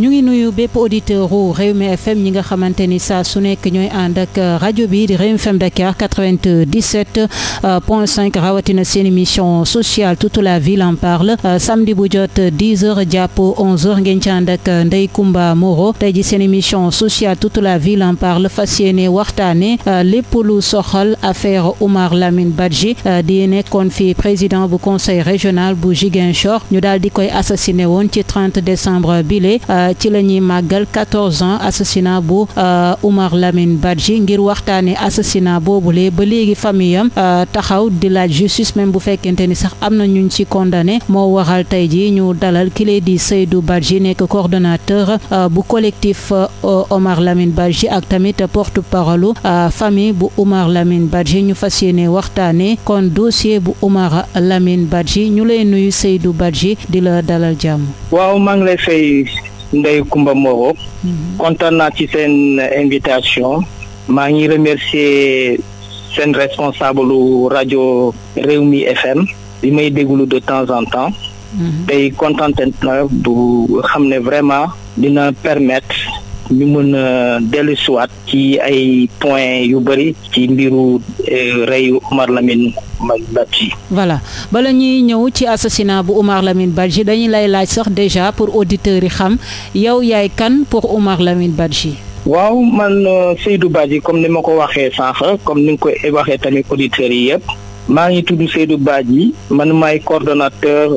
ñu ngi nuyu bépp auditeur u Rewmi FM ñi nga xamante ni saa su nekk ñooy ànd ak euh, rajo bi di Rewmi FM Dakar 97 euh, point 5 rawatina seen émission sociale toute la ville en parle euh, samedi bu jot 10 heures jàpp 11 heures ngeen ci ànd ak Ndeye Comba Moreau tey ji seen émission sociale toute la ville en parle fas yéene waxtaane lépp lu soxal affaire Oumar Lamine Badji di nekkoon fi président bu conseil régional bu Ziguinchor ñu daal di koy assassiné woon ci 30 décembre bile Euh, ci la ñuy màggal 14 ans assassinat bu euh, Oumar Lamine Badji ngir waxtaanee boobu boobule ba léegi famille am euh, taxaw di la justice même bu fekkente ni sax am na ñuñ ci condamné moo waral tey ji ñu dalal kile di Seydou Badji nekk coordonnateur bu collectif Oumar Lamine Badji ak tamit porte parole famille bu Oumar lamin Badji ñu fas yéene waxtaanee kon dossier bu Oumar Lamine Badji ñu lay nuyu Seydou Badji di la dalal jàmm. Ndeye Kumba Moro mhm. kontaan naa ci seen invitation maa ngi remercier seen responsable rajo Rewmi FM bi may déglu de temps en temps mhm. tey kontaan na bu xam ne vraiment dina permettre ñu mën a dellu siwaat ci ay point yu bëri ci mbiru euh, reyu Oumar Lamine Badji voilà bala ñuy ñëw ci assassinat bu Oumar Lamine Badji dañu lay laaj sax déjà pour auditeurs yi xam yow yaay kan pour Oumar Lamine Badji waaw man euh, Seydou Badji comme ni ma ko waxee sànq comme ni nga koy waxee tamit auditeurs yi yëpp maa ngi tudd Seydou Badji man may coordonnateur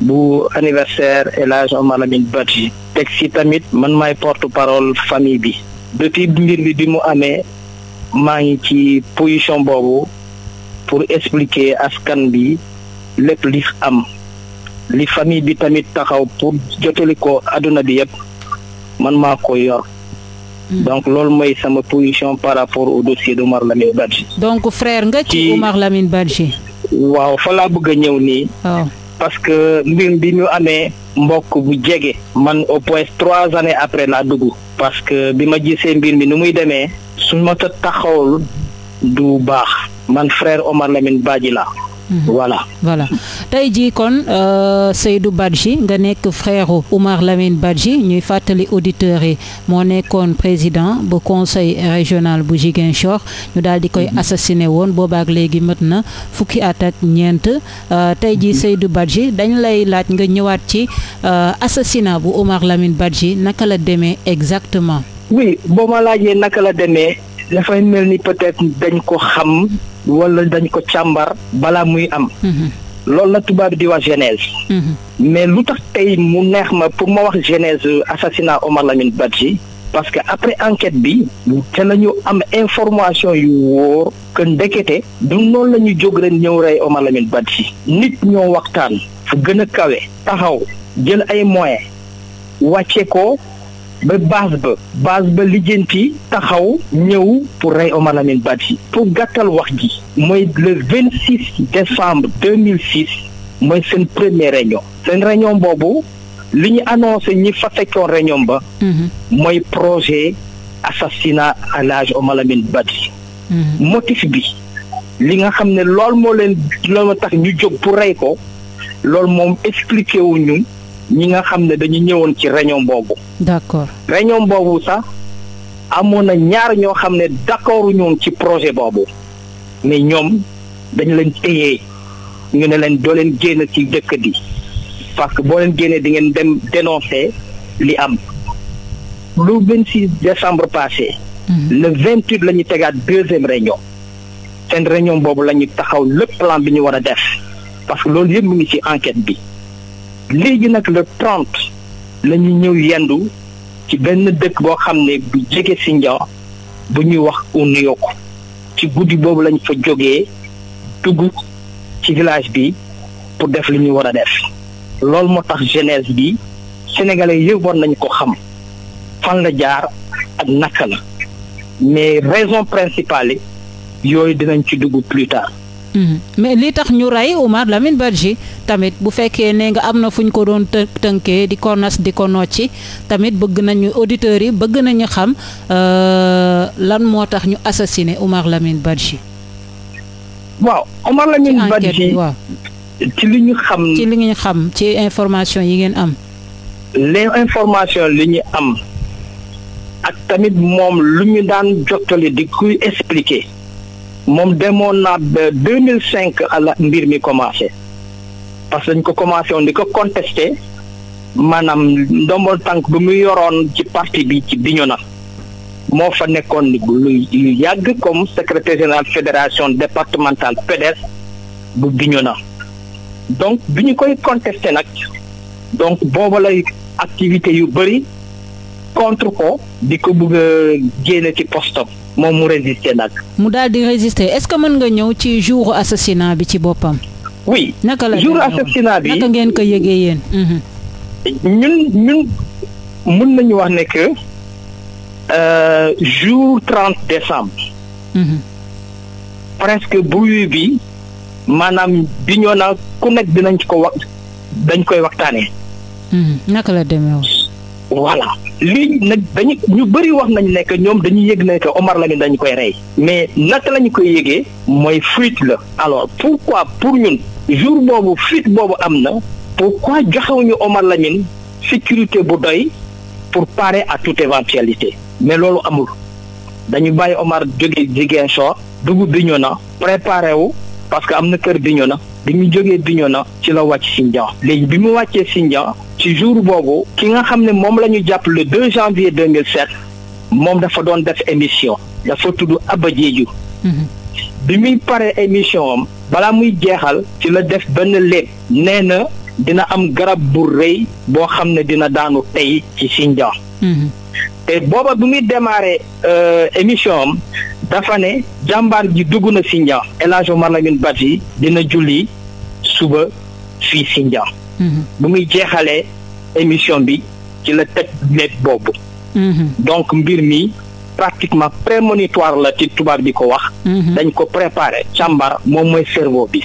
bu anniversaire El Hadj Oumar Lamine Badji teg ci tamit man maay porte parole famille bi depuis mbir bi bi mu amee maa ngi ci position boobu pour expliquer askan bi lépp li am li famille bi tamit taxaw pour jotali ko àdduna bi yëpp man maa ko yor. Hmm. donc loolu mooy sama position par rapport au dossier d' Oumar Lamine Badji. donc frère nga ci Oumar Lamine Badji. waaw fa laa bëgg a ñëw nii. Oh. parce que mbir bi ñu amee mbokk bu jege man au point trois années après la dugg parce que bi ma gisee mbir mi ni muy demee su ma ta du baax man frère Omar Lamine Badji la voilà voilà tey jii kon euh, Seydou Badji nga nekk frère Oumar Lamine Badji ñuy fàttali auditeurs yi moo nekkoon président bu conseil régional bu Ziguinchor ñu daal di koy mhm. assassiné woon boobaak léegi mët na fukki atak ak ñeent euh, tey jii mhm. Seydou Badji dañ lay laaj nga ñëwaat ci euh, assassinat bu Oumar Lamine Badji naka la demee exactement oui boo laajee naka la demee dafay mel ni peut dañ ko xam wala dañ ko càmbar balaa muy am. Mhm. loolu la tubaab di wax genèse. Mhm. mais lu tax tey mu neex ma pour ma wax genèse assassinat Omar Lamine Badji. parce que après enquête bi te la ñu am information yu wóor que ndekete du noonu la ñu jóg ren ñëw rey Omar Lamine Badji nit ñoo waxtaan fu gën a kawe taxaw jël ay moyen wàcce ko ba base ba base ba lijjanti taxaw ñëw pour rey Omar Lamine Badji pour gàttal wax ji mooy le vingt six décembre deux mooy seen premier réunion seen réunion boobu li ñu annoncé ñi fa fekkoon réunion ba mhm. mooy projet assassinat à l'âge Omar Lamine Badji mhm. motif bi li nga xam ne loolu moo leen loolu moo tax ñu jóg pour rey ko loolu moom expliqué wuñu ñi nga xam ne dañu ñëwoon ci réunion boobu. d'accord réunion boobu sax amoon na ñaar ñoo xam ne d'accord ñoom ci projet boobu mais ñoom dañu leen téye ñu ne leen doo leen génn ci dëkk bi parce que boo leen génnee di ngeen dem dénoncer li am lu 26 décembre passé. Mhm. le 28 la ñu tegaat deuxième réunion. seen réunion boobu la ñu taxaw lépp plan bi ñu war a def parce que loolu yëpp mu ngi ci enquête bi. léegi nag le trente la ñu ñëw yendu ci benn dëkk boo xam ne bu jege si Sindian bu ñuy wax Ouniyok ci guddi boobu lañ fa jógee dugg ci village bi pour def li ñuy war a def loolu moo tax jeunesse bi sénégalais yëboon war nañ ko xam fan la jaar ak naka la mais raison principale yooyu dinañ ci dugg plus tard. Mhm. mais li tax ñu rey Oumar Lamine Badji tamit bu fekkee ne nga am na fu ñu ko doon tënkee di ko nas di ko nocci tamit bëgg nañu auditeurs yi bëgg nañu xam euh, lan moo tax ñu assassiné Oumar Lamine Badji. waaw Oumar Lamine Badji waaw. ci li ñu xam. ci li ñu xam ci information yi ngeen am. les information li ñu am. ak tamit moom lu ñu daan jottali di kuy expliquer. moom demoon naa ba deux mille cinq la mbir mi commencé parce que dañ ko commencé woon di ko contesté maanaam ndombol tànk bu mu yoroon ci parti bi ci na moo fa nekkoon lu yàgg comme secrétaire général fédération départementale PDS bu na donc bi ñu koy contesté nag donc booba lay yu bëri contre ko di ko bugg a génne ci postam moom mu résister nag. mu daal di résister est-ce que mën nga ñëw ci jour assassinat bi ci boppam. oui naka la jour assassinat bi naka ngeen ko yëgee yéen. Mhm. ñun ñun mën nañu wax ne que euh, jour trente décembre. Mhm. presque bruit bi maanaam bi ñoo na ku nekk dinañ ko wax dañ koy waxtaanee. Mhm. naka la demee voilà lii nag dañu ñu bëri wax nañ ne ñoom dañuy yëg ne que Omar Lamine dañu koy rey mais naka lañu koy yëgee mooy fuite la alors pourquoi pour ñun jour boobu fuite boobu am na pourquoi joxewuñu Omar Lamine sécurité bu doy pour pare à toute éventualité mais loolu amul dañu bàyyi Omar jóge Ziguinchor dugg Bignona préparé wu parce que am na kër Bignona bi ñu jógee na ci la wàcc Sindian léegi bi mu wàccee Sindian ci jour boobu ki nga xam ne moom la ñu jàpp le 2 janvier 2007 moom dafa doon def émission dafa tudd Abba Diédhiou mhm. bi muy pare émission am balaa muy jeexal ci la def benn léeb nee na dina am garab bu rëy boo xam ne dina daanu tey ci Sindian mhm. te booba bi muy démarré euh, émission dafa ne jàmbaar ji dugg na Sindian El Hadj Omar Lamine Badji dina julli suba fii Sindian Mm-hmm. bu muy jeexalee émission bi ci la teg net boobu mm-hmm. donc mbir mi pratiquement prémonitoire la ci tubaab bi ko wax mm-hmm. dañ ko préparer càmbar moom mooy cerveau bi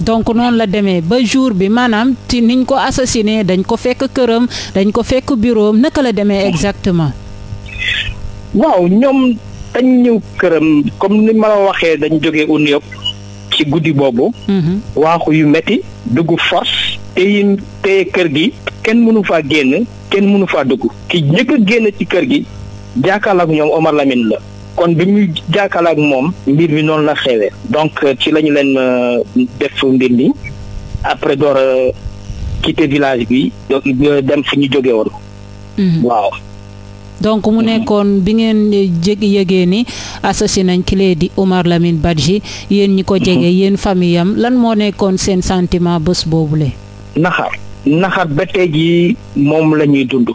donc noonu la demee ba jour bi maanaam ci niñ ko assassiné dañ ko fekk këram dañ ko fekk bureau naka la demee exactement waaw ñoom dañ ñëw këram comme ni ma la waxee dañ jóge un yëpp ci guddi boobu waaxu yu metti dugg force te yéen teye kër gi kenn mënu faa génn kenn mënu faa dugg ki njëkk génn ci kër gi jaakaarlaak ñoom Omar Lamine la kon bi muy jaakaarlaak moom mbir mi noonu la xewee donc euh, ci lañu leen euh, def mbir mi après door a euh, quitter village bi dem fi ñu jóge woon mhm. waaw donc mu mhm. nekkoon bi ngeen jég yëgee ni associé nañ ki lee di Omar Lamine Badji yéen ñi ko mhm. jege yéen famille am lan moo nekkoon seen santiment bés boobu le naxar naxar ba tey jii moom lañuy dund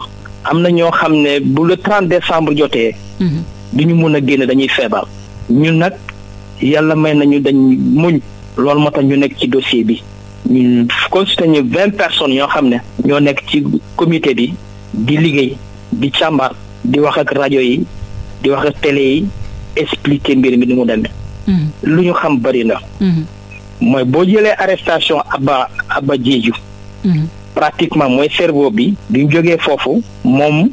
am na ñoo xam ne bu le 30 décembre jotee mhm. du ñu mun a génn dañuy feebar ñun nag yàlla may nañu dañ muñ loolu moo tax ñu nekk ci dossier bi ñu consulté ñu vingt personnes ñoo xam ne ñoo nekk ci comité bi di liggéey di càmbar di wax ak rajo yi di wax ak télé yi expliquer mbir mi ni mu demee mhm. lu ñu xam bëri na mhm. mooy boo jëlee arrestation Abba Abba Diédhiou Mhm. pratiquement mooy cerveau bi bi ñu foofu moom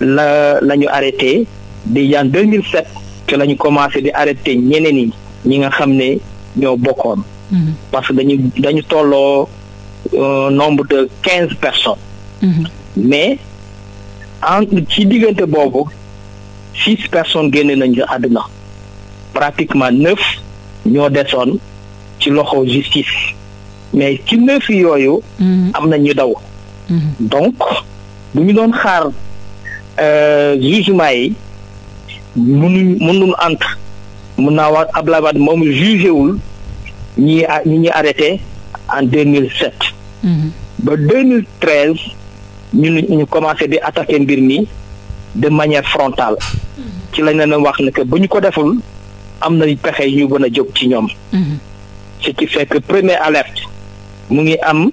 la la ñu arrêté déjà en 2007 que la ñu commencé di arrêté ñeneen yi ñi nga xam ne ñoo bokkoon. Mhm. parce que dañu dañu tolloo euh, nombre de quinze personnes. Mhm. mais en ci diggante boobu six personnes génne nañu àdduna pratiquement neuf ñoo desoon ci loxo justice. mais ci neuf yooyu. Mm-hmm. am na ñu daw. Mm-hmm. donc bu ñu doon xaar euh, jugement yi mënuñ mënuñ ant mën naa wax Abdoulaye Wade moom jugé wul ñi ñi ñuy arrêté en deux mille sept. Mm-hmm. ba deux mille ñu commencé di attaqué mbir mi de manière frontale. ci lañ leen wax na que bu ñu ko deful am na pexe yu mën a jóg ci ñoom. ci qui fait que première alerte mu ngi am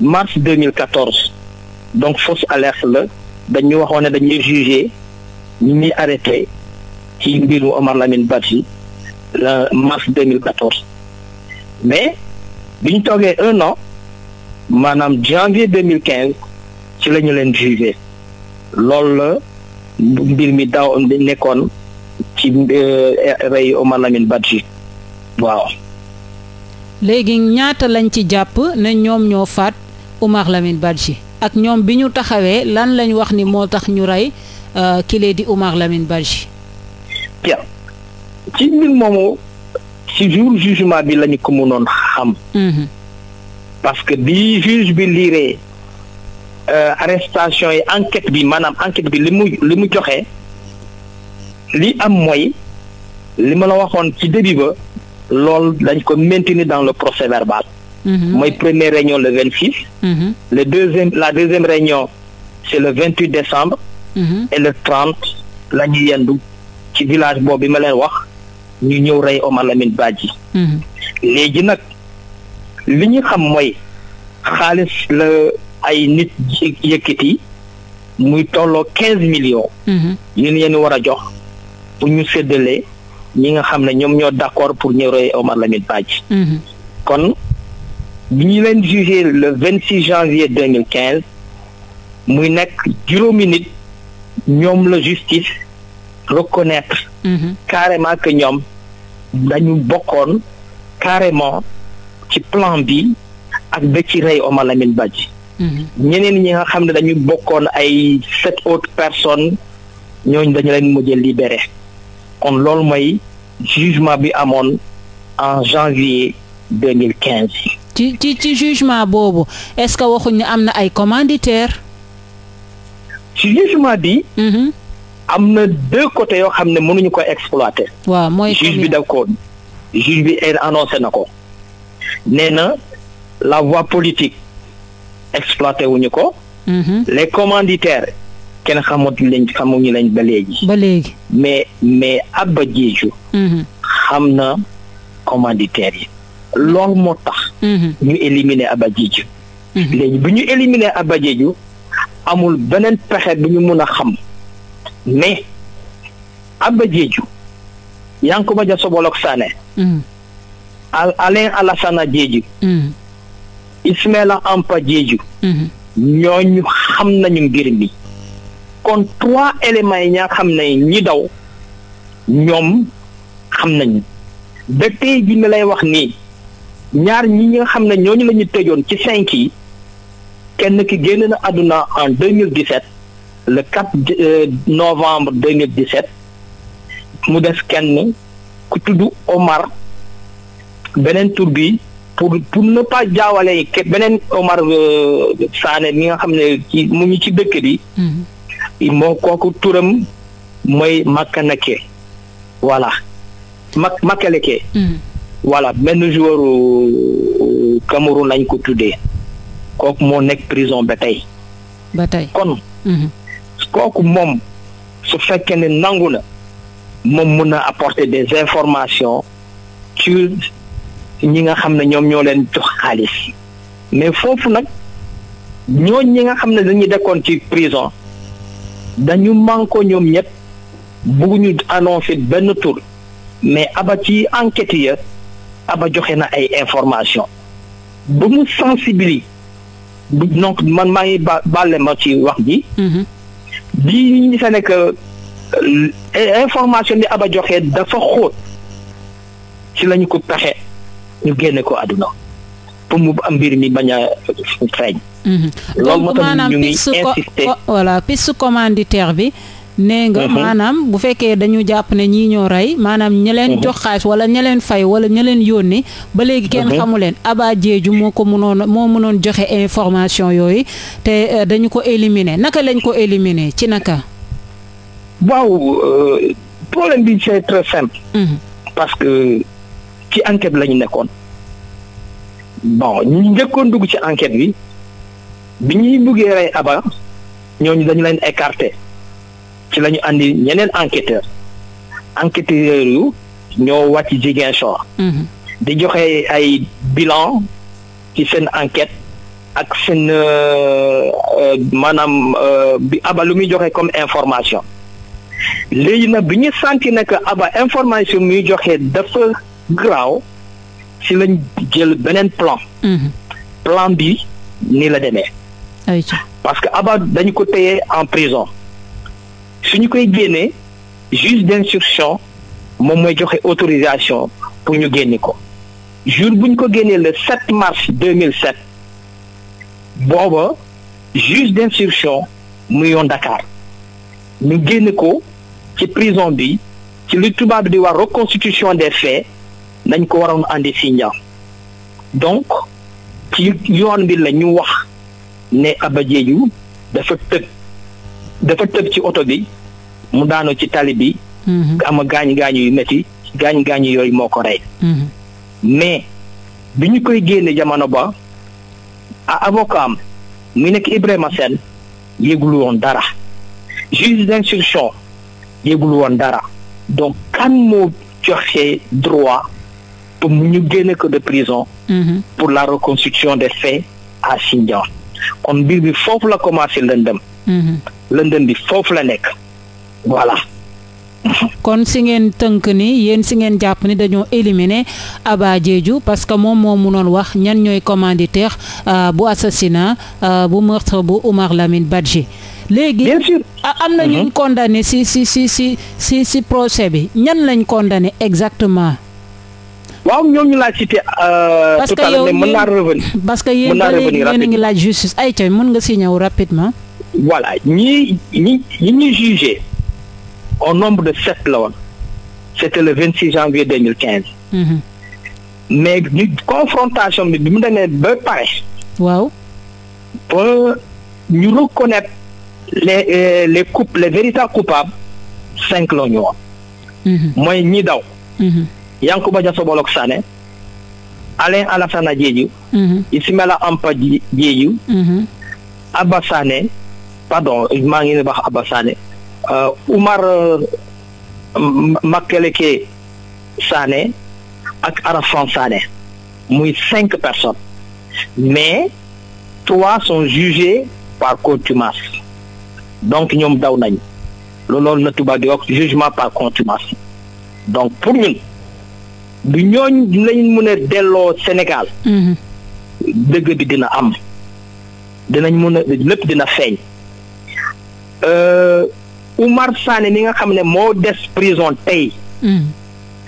mars 2014 donc fausse alerte la dañu waxoon ne dañuy jugé ñu ñuy arrêté ci mbiru Omar Lamine Badji le mars 2014 mais bi ñu toogee un an maanaam janvier 2015 ci la ñu leen jugé loolu la mbir mi daaw nekkoon ci euh, rey Omar Lamine Badji waaw. léegi ñaata lañ ci jàpp ne ñoom ñoo faat Oumar Lamine Badji ak ñoom bi ñu taxawee lan lañ wax ni moo tax ñu rey euh, kile di Oumar Lamine Badji. bien ci mbir moomu ci jour jugement bi lañu ko mënoon xam. Mhm. parce que bi juge bi liiree euh, arrestation yi enquête bi maanaam enquête bi li mu li mu joxe li am mooy li ma la waxoon ci début ba. lool dañ ko maintenir dans le procès verbal. Mhm. mooy première réunion le vingt six. Mhm. le deuxième la deuxième réunion c' est le vingt huit décembre. Mhm. et le trente la yendu ci village boobu bi ma leen wax ñu ñëw rey Omar Lamine Badji. léegi nag li ñu xam mooy xaalis la ay nit yëkkati muy tolloo quinze millions. ñu ne war a jox bu ñu séddalee. ñi nga xam ne ñoom ñoo d'accord pour ñu roy Omar Lamine Badji mhm. kon bi ñu leen jugé le vingt six janvier deux mille quinze muy nekk juróomi nit ñoom la justice reconnaître mhm. carrément que ñoom dañu bokkoon carrément ci plan bi ak ba ci rey Omar Lamine Badji mhm. ñeneen ñi nga xam ne dañu bokkoon ay sept autres personnes ñooñu dañu leen mujj libéré kon loolu mooy jugement bi amoon en janvier deux mille quinze. ci ci ci jugement boobu est-ce que waxuñ ne am na ay commanditaires. ci jugement bi. Mm-hmm. am na deux côtés yoo xam ne mënuñu ko exploiter. waaw mooy juge bi daf er, annoncé na ko. nee na la voie politique exploité wuñu ko. Mm-hmm. les commanditaires kenn xamatu lañ xamuñu lañ ba léegi. ba léegi mais mais Abba Diédhiou. Mm-hmm. xam na commanditaire yi. loolu moo tax. Mm-hmm. ñu éliminer Abba Diédhiou. Mm-hmm. léegi bu ñu éliminer a Diédhiou amul beneen pexe bu ñu mun a xam mais Abba Diédhiou Yankuba Dia Sobolok Sané. Alain Alassane Diédhiou. Ismaïla Ampa Diédhiou. ñooñu xam nañu mbir kon trois éléments yi ñaa xam ne ñi daw ñoom xam nañ ba tey ji mi lay wax nii ñaar ñi nga xam ne ñooñu lañu ñu tëjoon ci cinq yi kenn ki génn na àdduna en 2017 le 4 euh, novembre 2017 mu des kenn ku tudd Omar beneen tur bi pour pour ne pas jaawale beneen Omar euh, Sané mi nga xam ne mu ngi ci dëkk bi. Mm-hmm. moo kooku turam mooy Makanake voilà Mak Makaleke. Hmm. voilà benn joueur euh, Cameroun lañ ko tuddee kooku moo nekk prison ba tey. ba tey kon. Hmm. kooku moom su fekkee ne nangu na moom mun a apporter des informations ci ñi nga xam ne ñoom ñoo leen jox xaalis mais foofu nag ñoo ñi nga xam ne dañuy dekkoon ci prison. dañu mànkoo ñoom ñëpp bugguñu annoncé benn tur mais aba ci enquête ya aba joxe na ay information ba mu sensibiliser donc man maa ngi ba bàlle ma ci wax ji mhm. di ñu sa nekk euh, information bi aba joxe dafa xóot ci lañu ko pexe ñu génne ko àdduna pour mu am mbir mi bañ a feeñ Mhm. loolu moo tax ñu ngi insister bi nee nga mhm. maanaam bu fekkee dañu jàpp ne ñii ñoo rey maanaam ña leen mhm. jox xaalis wala ña leen fay wala ña leen yónni ba léegi kenn xamu leen Aba Diédhiou moo ko mënoon moo mënoon joxe information yooyu te euh, dañu ko éliminer naka lañ ko élimine ci naka waaw euh, problème bi parce que ci enquête lañu nekkoon bon ñu njëkkoon dugg ci enquête bi bi ñuy buggee rey Aba ñooñu dañu leen écarté ci la ñu andi ñeneen enquêteur enquêteurs yu ñoo wàcc Ziguinchor mhm. di joxe ay bilan ci seen enquête ak seen euh, euh, maanaam euh, bi Aba lu muy joxe comme information léegi nag bi ñu senti ne que Aba information muy joxe dafa graaw ci lañ jël beneen plan mhm. plan bi nii la demee Ah parce que Abba dañu ko téye en prison suñu koy génnee juge d'instruction moom mooy joxe autorisation pour ñu génne ko jour bu ñu ko génnee le 7 mars 2007 booba juge d'instruction mu yoon Dakar ñu génne ko ci prison bi ci lu tubaab di war reconstitution des faits nañ ko waroon andi si donc ci yoon bi la ñu wax. ne Aba Diédhiou dafa tëb dafa tëb ci oto bi mu daanu ci tali bi. Mhm. ama gaañu gaañu yu métti gaañu gaañu yooyu moo ko rey. Mhm. mais bi ñu koy génne jamono ba a avocat am mu nekk Ibrahima Sène yëgul woon dara juge d'instruction yëgul woon dara donc kan moo joxe droit pour mu ñu génne ko de prison. Mhm. pour la reconstruction des faits à Sindian. kon mbir bi foofu la commencé lëndëm. Mhm. lëndëm bi foofu la nekk voilà. kon si ngeen tënk ni yéen si ngeen jàpp ni dañoo éliminer Aba Diédhiou parce que moom moo munoon wax ñan ñooy commanditaire euh, bu assassinat euh, bu meurtre bu Oumar Lamine Badji. léegi bien sûr am na ñu mhm. condamné si si si si si si procès bi ñan lañ condamné exactement. waaw ñoom ñu laa cité. Euh, tout à l'heure mais mën naa revenir. parce que yéen ba léegi yéen a ngi laaj justice ay ca mën nga si ñëw rapidement. voilà ñii ñi ñi ñuy jugé au nombre de sept la woon c' le vingt six janvier deux mille quinze. Mhm. mais ñu confrontation bi bi mu demee ba pare. waaw. ba ñu reconnaître les euh, les coupes les véritables coupables cinq la ñu woon. Mhm. mooy ñi daw. Mhm. Yankuba Diasobolok Sané Alain Alassane Diédhiou mhm. Ismaïla Ampa Diédhiou mhm. Abba Sané pardon maa ngi ne wax Abba Sané euh, Oumar euh, Makeleke Sané ak Arafan Sané muy cinq personnes mais trois sont jugés par contumace donc ñoom daw nañ loolu na tubaab di wax par contumace donc pour ñun du ñooñ lañ mën a delloo Sénégal mm-hmm. dëgg bi dina am dinañ mën a lépp dina feeñ euh, Oumar Sané mi nga xam ne moo des prison tey mm-hmm.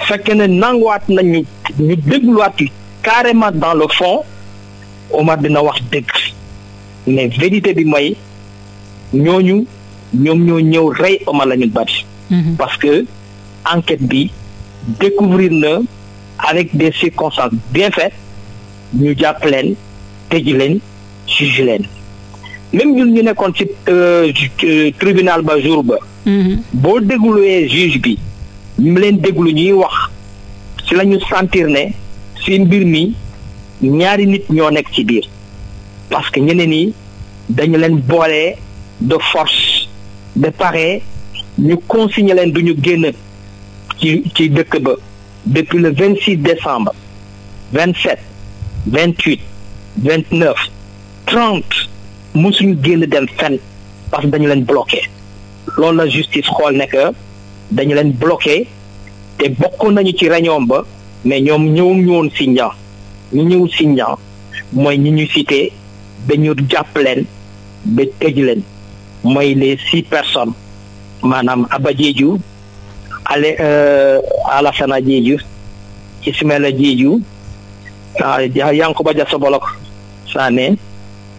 fekk ne nanguwaat nañu ñu dégluwaat yi carrément dans le fond Oumar dina wax dëgg mais vérité bi mooy ñooñu ñoom ñoo ñëw rey Oumar Lamine Badji mm-hmm. parce que enquête bi découvrir na avec des circonstances bien faites ñu jàpp leen tëj leen juge leen même ñun ñu nekkoon ci euh, euh, tribunal ba jour ba. Mm-hmm. boo dégluwee juge bi ñu leen déglu ñuy wax ci la sentir ne si mbir mi ñaari nit ñoo nekk ci biir parce que ñeneen yi dañu leen boole de force de pare ñu consigné leen duñu génn ci ci dëkk ba. depuis le vingt 26 décembre 27 28 29 30 mosuñu génn dem fenn parce que dañu leen bloqué loolu la justice xool ne dañu leen bloqué te bokkoon nañu ci réunion ba mais ñoom ñëw ñu si ña ñu ñëw si ña mooy ñi ñu cité ba ñu jàpp leen ba tëj leen mooy les six personnes maanaam Aba Diédhiou Euh, ah, a Alassana Diédhiou Ismaila Diédhiou Yankuba Diasobolok Sané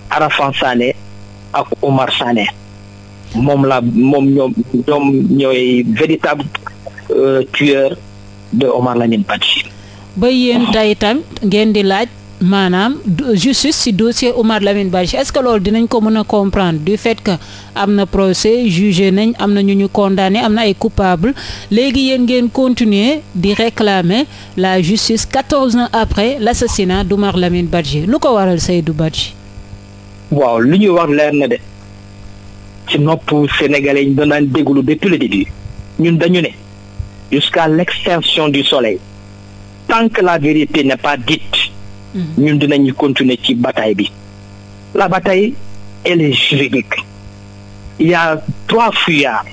Arafan Sané ak Omar Sané moom la moom ñoom ñoom ñooy véritable euh, tueur de Omar Lamine Badji ba yéen tey tam ngeen di laaj maanaam justice ci dossier Oumar Lamine Badji est-ce que loolu dinañ ko mën a comprendre du fait que am na procès jugé nañ am na ñu ñu condamné am na ay coupable léegi yéen ngeen continuer di réclamer la justice quatorze ans après l'assassinat d'Oumar Lamine Badji lu ko waral Seydou Badji waaw lu ñuy wax leer na de ci nopp sénégalais yi ñu daan déglu depuis le début ñun dañu ne jusqu'à l'extinction du soleil tant la vérité n'est pas dite Mm-hmm. ñun dinañu continuer ci bataille bi la bataille elle est juridique il y trois fuyards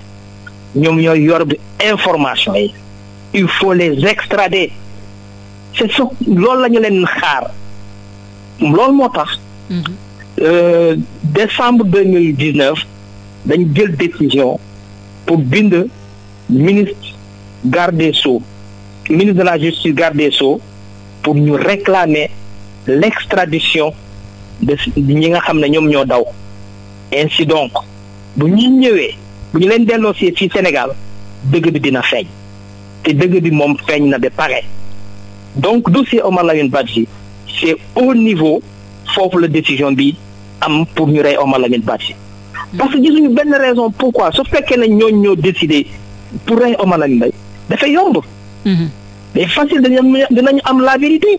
ñoom ñooy yor bi information yi il faut les extrader c'est ça loolu lañu leen xaar loolu moo tax mm-hmm. euh, décembre deux mille dix neuf dañu jël décision pour bind ministre garde des Sceaux ministre de la justice garde des Sceaux pour ñu réclamer l'extradition de ñi nga xam ne ñoom ñoo daw ainsi donc bu ñu ñëwee bu ñu leen delloo si fii Sénégal dëgg bi dina feeñ te dëgg bi moom feeñ na ba pare donc dossier Omar Lamine Badji c'est au niveau foofu la décision bi am pour ñu rey Omar Lamine Badji parce que gisuñu benn raison pourquoi su fekkee ne ñooñ ñoo décidé pour rey Omar Lamine Badji dafay yomb mm-hmm. mais facile dinañu am la vérité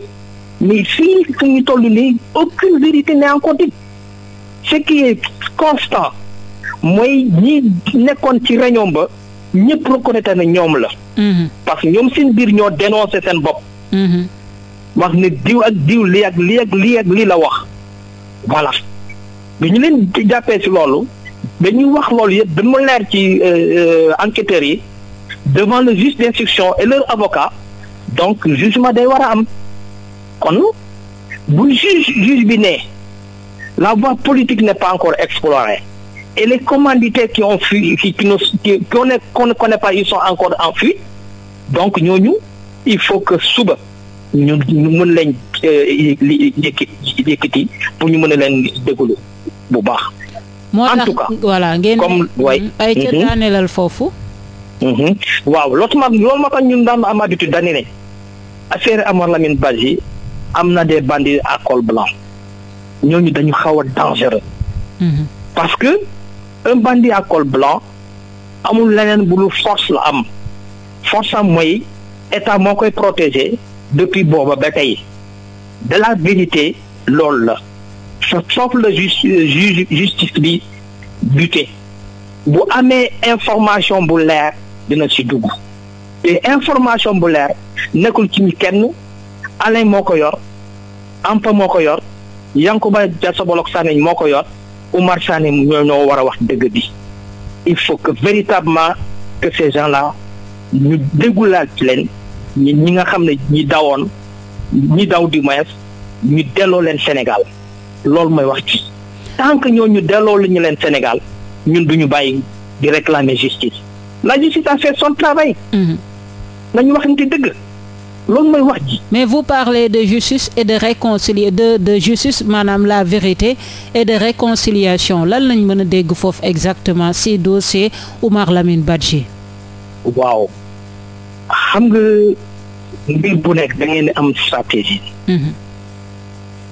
mais fii fu ñu toll nii aucune vérité n'est encore dite ce qui est constant mooy ñi nekkoon ci réunion ba ñëpp reconnaître na ñoom la. Mhm. parce que ñoom seen biir ñoo dénoncé seen bopp. Mhm. wax ne diw ak diw li ak lii ak lii ak la wax voilà dañu leen jàppee si loolu dañuy wax loolu yëpp ba mu leer ci euh, euh, enquêteurs yi devant le juge d'instruction et leur avocat donc jugement day war a am. kon bu juge juge bi ne la voie politique n'est pas encore explorée et les commanditaires qui ont fui qui qui, qui, qui on ne qu'on ne connaît pas ils sont encore en fuite donc ñooñu il faut que suba ñu mën leen euh, yëkkati pour ñu mën leen déglu bu baax. en tout cas moo tax voilà ngeen comme waay ay ca mm-hmm. foofu. Mm-hmm. waaw loolu ma loolu ma tax ñu daan am habitude dañu ne affaire Amar Lamine Badji am na des bandits à col blanc ñooñu dañu xaw a dangereux. Mhm. parce que un bandit à blanc amul leneen bu lu force la am force am mooy état moo koy protéger depuis booba ba tey de la vérité loolu la sauf le justice bi buté bu amee information bu leer dina ci dugg te information bu leer nekkul ci kenn. Alain moo ko yor Ampa moo ko yor Yankuba Diasobolok Sané moo ko yor Oumar Sané ñoo ñoo war a wax dëgg bi il faut que véritablement que ces gens là ñu déggulaat leen ñi ñi nga xam ne ñi dawoon ñi daw di moins ñu delloo leen Sénégal loolu mooy wax ci tant que ñu delloo lu ñu leen Sénégal ñun duñu bàyyi di réclamer justice la justice a fait son travail. Mm-hmm. nañu waxante dëgg. loolu mooy wax ji. mais vous parlez de justice et de réconcilier de de justice maanaam la vérité et de réconciliation lan lañ mën a dégg foofu exactement si dossier Oumar Lamine Badji. waaw xam nga mbir bu nekk da ngeen am stratégie. Mhm.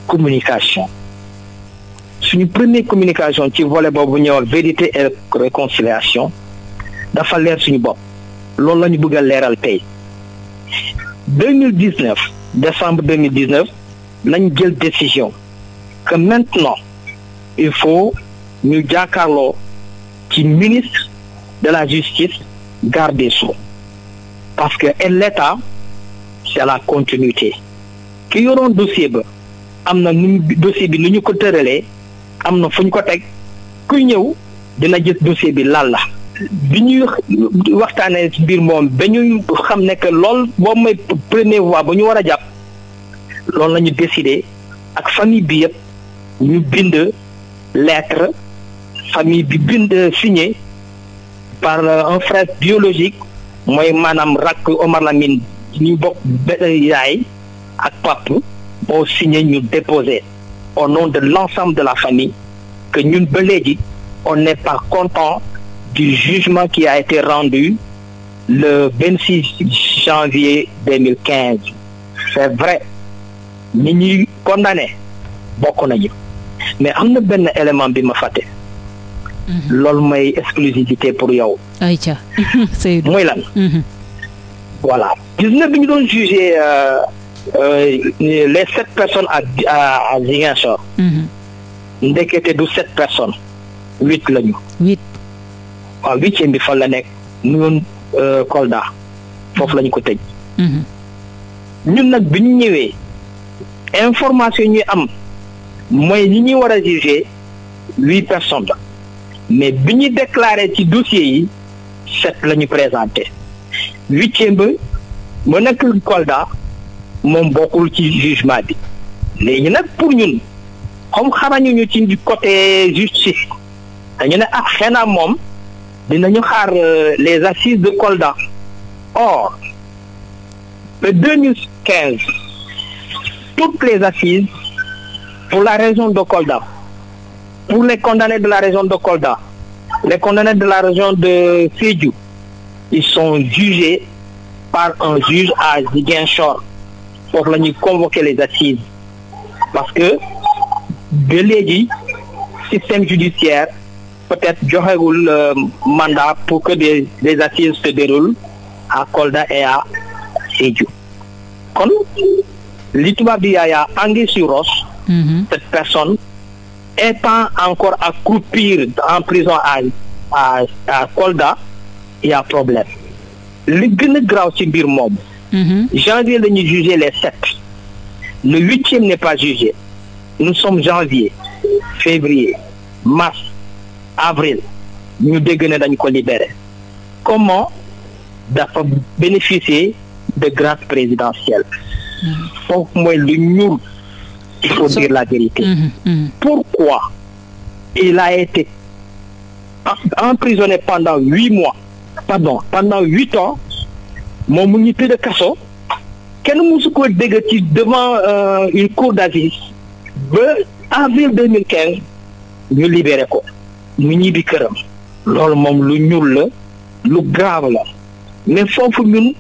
communication. suñu première communication ci volet boobu ñëwal wax vérité et réconciliation dafa leer suñu bopp. loolu lañu ñu bëgg a leeral tey. deux mille dix neuf décembre deux mille dix neuf jël décision que maintenant il faut ñu jàkkarloo ci ministre de la justice garde des parce que et l'État c'est la continuité ki yoroon dossier ba am na nu dossier bi nu ñu ko tëralee am na fu ñu ko teg kuy ñëw dina jël dossier bi lan la bi ñuy waxtaanee ci mbir moom ba ñu xam ne que lool boo may première fois ba ñu war a jàpp loolu la décidé ak famille bi yëpp ñu bind lettre famille bi bind signé par un frère biologique mooy maanaam rakk Omar Lamine ñu bokk yaay ak pap moo signé ñu déposé au nom de l'ensemble de la famille que ñun ba léegi on n'est pas content du jugement qui a été rendu le 26 janvier 2015 c'est vrai ni ñuy condamné bokk nañu mais am na benn élément bi ma fàtte. Mhm. loolu mooy exclusivité pour yow. ayca Seydou mooy lan. Mhm. voilà gis na bi ñu doon jugé euh, euh, les sept personnes à à à Ziguinchor. Mhm. du sept personnes huit lañu. huit en huitième bi fan la nekk ñun euh, Kolda foofu lañu ko tëj mhm. ñun nag bi ñu ñëwee information ñuy am mooy ñu ñuy war a juger huit personnes la mais bi ñuy déclaré ci dossier yi sept la ñu présenté huitième ba mu nekk Kolda moom bokkul ci jugement bi léegi nag pour ñun comme xamañu ñu ci côté justice dañu ne ah xanaa moom dinañu xaar euh, les assises de Kolda or le 2015 toutes les assises pour la région de Kolda pour les condamnés de la région de Kolda les condamnés de la région de Sédhiou ils sont jugés par un juge à Ziguinchor pour la ñuy convoquer les assises parce que ba léegi système judiciaire peut-être joxewul euh, mandat pour que des des se déroulent à Kolda et à Sédhiou kon li tubaab mhm. cette personne étant encore à croupir en prison à à à Kolda y a problème li gën a graaw ci mbir moom. Mhm. janvier la ñuy juger les sept le huitième n'est pas jugé nous sommes janvier février mars avril ñu dégg ne dañ ko libéré comment dafa bénéficier de grâce présidentielle mm-hmm. foofu mooy lu ñuul il faut dire la vérité mm-hmm. Mm-hmm. pourquoi il a été emprisonné pendant huit mois pardon pendant huit ans moom mu ngi tëdd kaso kenn mësu ko dégg ci devant euh, une cour d'assises ba avril deux mille quinze ñu libéré ko mu ñibbi këram loolu moom lu ñuul la lu grave la mais foofu ñun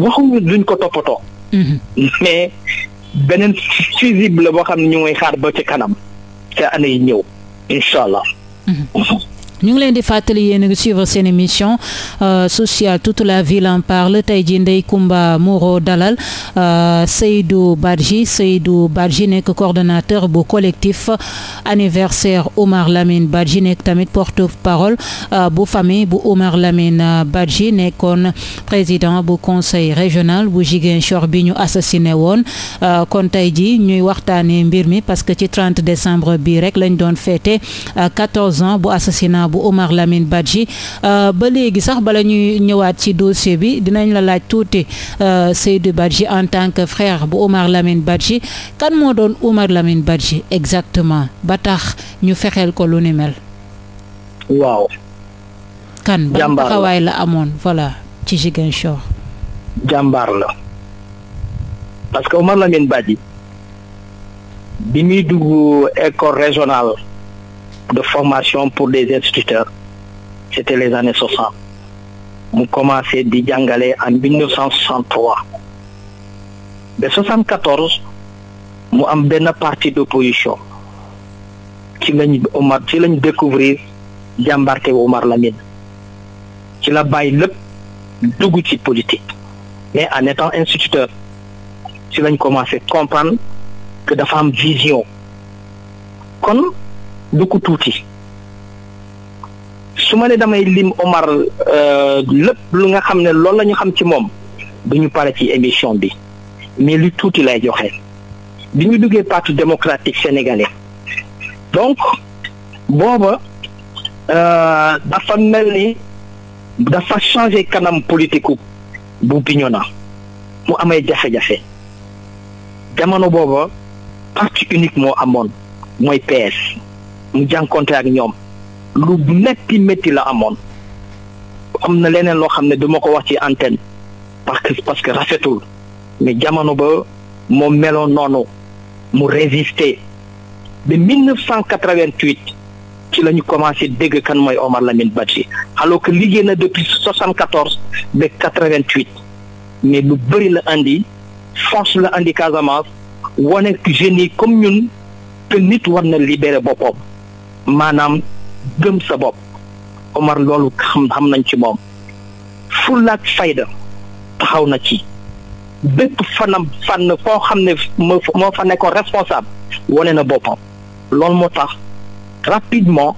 waxuñu duñ ko toppatoo mm-hmm. mais beneen fusible la boo xam ne ñu ngay xaar ba ci kanam ca année yi ñëw incha allah mm-hmm. ñu ngi leen di fàttali yéen a seen émission euh, sociale toute la ville en parle tey jii Ndeye Comba Moreau dalal euh, Seydou Badji Seydou Badji nekk coordonnateur bu collectif anniversaire Omar Lamine Badji nekk tamit porte parole euh, bu famille bu Omar Lamine Badji nekkoon président bu conseil régional bu Ziguinchor bi ñu assassiné woon kon tey jii ñuy waxtaanee mbir mi parce que ci 30 décembre bi rek lañ doon fêté 14 ans bu assassinat. département bu Omar Lamine Badji euh, ba léegi sax bala ñuy ñëwaat ci dossier bi dinañ la laaj tuuti euh, Seydou Badji en tant que frère bu Omar lamin Badji kan moo doon Omar lamin Badji exactement ba tax ñu fexeel ko lu ni mel. waaw. kan ban taxawaay la amoon voilà ci Ziguinchor. jàmbaar la parce que Omar Lamine bi muy dugg école régionale de formation pour des instituteurs c'était les années 60 mu commencé di jàngale en 1963 ba 74 mu am benn parti d'opposition ci lañ Omar si lañ découvrir jàmbarte Omar Lamine ci la bàyyi lépp dugg ci politique mais en étant instituteur ci lañ commencé comprendre que dafa am vision kon du ko tuuti su ma ne damay lim Omar euh, lépp lu nga xam ne loolu la ñu xam ci moom du ñu pare ci émission bi mais lu tuuti lay joxe bi ñu duggee parti démocratique sénégalais donc booba euh, dafa mel ni dafa changé kanam politiku bu biño na mu amay jafe-jafe jamono booba parti unique moo amoon mooy PS mu jànkonte ak ñoom lu métti métti la amoon am na leneen loo xam ne duma ko wax ci antenne parce que parce que rafetul mais jamono ba moom meloon noonu mu résister ba 1988 ci la ñu commencé dégg kan mooy Omar Lamine Badji alors que liggéey na depuis 74 ba 88 mais lu bëri la indi force la indi Casamance wane jeunes yi comme ñun te nit war na libéré boppam. maanaam gëm sa bopp Omar loolu xam xam nañ ci moom fullaak fayda taxaw na ci bépp fanam fànn foo xam ne moo fa nekkoon responsable wane na boppam loolu moo tax rapidement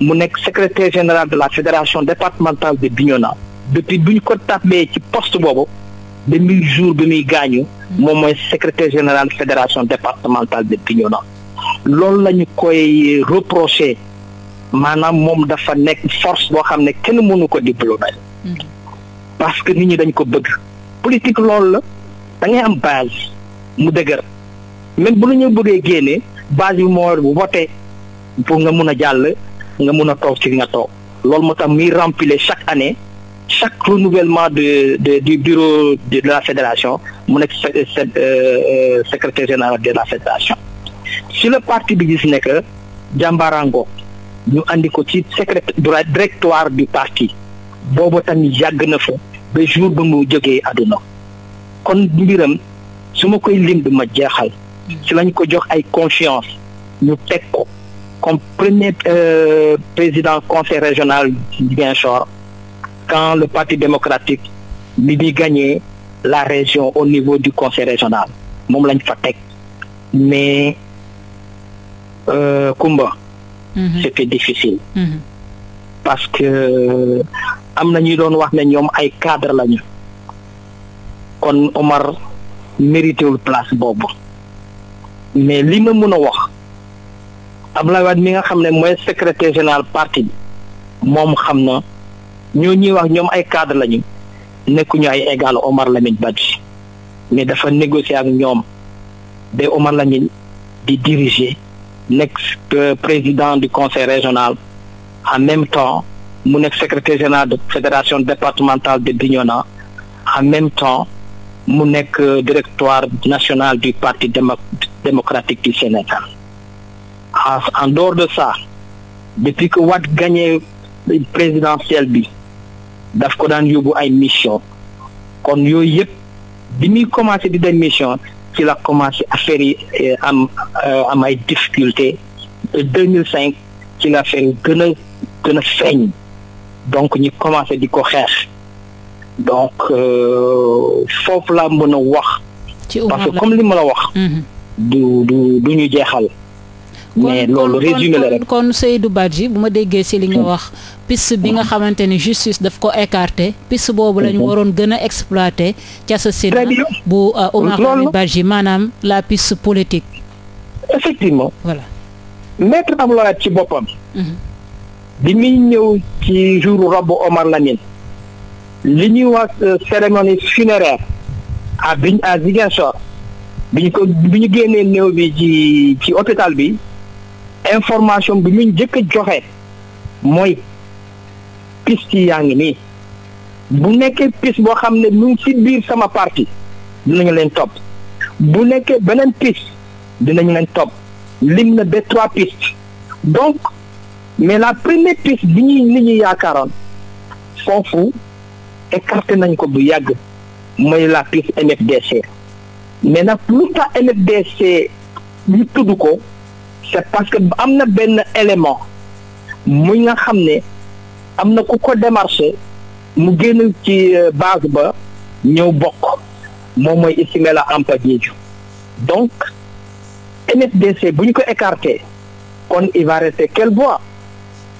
mu nekk secretaire général de la fédération départementale de Bignona depuis bu ñu ko tàbbee ci poste boobu ba muy jour bi muy gaañu moom mooy secretaire général fédération départementale de Bignona loolu la ñu koy reproché maanaam moom dafa nekk force boo xam ne kenn mënu ko diplômer parce que nit ñi dañ ko bëgg politique loolu la da ngay am base mu dëgër même bu la ñu bëggee génnee base bi moo voté pour nga mun a jàll nga mun a toog ci nga toog loolu moo tax muy remplir chaque année chaque renouvellement de de du bureau de la fédération mu nekk euh, euh, secretaire général de la fédération si le parti bi gis ne que jàmbaaraango ñu andi ko ci secrétaire directoire du parti boobu tamit yàgg na fa ba jour ba mu jógee àdduna kon mbiram su ma koy lim bi ma jeexal si lañ ko jox ay confiance ñu teg ko comme premier euh, président conseil régional bien Ziguinchor quand le parti démocratique mi di gagné la région au niveau du conseil régional moom lañ fa teg mais euh, Kumba. Mmh. difficile. Mm-hmm. parce que euh, am na ñuy doon wax ne ñoom ay cadre lañu kon Omar méritéwul place boobu mais li ma mën a wax Abdoulaye Wade mi nga xam ne mooy secrétaire général partie bi moom xam na ñoo ñuy wax ñoom ay cadre lañu nekkuñu ay égal Omar Lamine Badji mais dafa négocier ak ñoom ba Omar Lamine di diriger. l'ex-président du conseil régional en même temps mu nekk secrétaire général de fédération départementale de Bignona en même temps mu nekk directoire national du parti démo démocratique du Sénégal en dehors de ça depuis que Wade gagné présidentielle bi daf ko daan yóbbu ay mission kon yooyu yëpp bi muy commencé di dem mission ci la commencé affaire yi euh, am euh, am ay difficulté deux mille cinq ci la affaire yi gën a gën a feeñ donc ñi commencé di ko xeex donc euh, foofu laa mën a wax parce que comme li ma la wax mm-hmm. du du du ñu jeexal mais loolu résumé la rek kon Seydou bu ma déggee si li nga mm. wax piste bi nga xamante ni justice daf ko écarté piste boobu la ñu mm-hmm. waroon gën a exploité ci assassinat bu euh, Oumar Lamine Badji maanaam la piste politique effectivement voilà maître am loraat ci boppam mm-hmm. bi muy ñëw ci jour rabu Omar Lamine li ñuy wax euh, cérémonie funéraire à bi a Ziguinchor bi ñu ko bi ñu génnee néew bi ci ci hôpital bi information bi ñu njëkk a joxe mooy piste yaa ngi nii bu nekkee piste boo xam ne mu ci biir sama parti dinañu leen topp bu nekkee beneen piste dinañu leen topp lim na ba trois pistes donc mais la première piste bi ñuy li ñu yaakaaroon foofu écarté nañ ko bu yàgg mooy la piste MFDC mais nag lu tax MFDC ñu tudd ko c'est parce que am na benn élément mu nga xam ne am na ku ko démarché mu génn ci euh, base ba ñëw bokk moom mooy Ismaïla Ampa Diédhiou donc NFDC bu ñu ko écarté kon il va rester quelle voie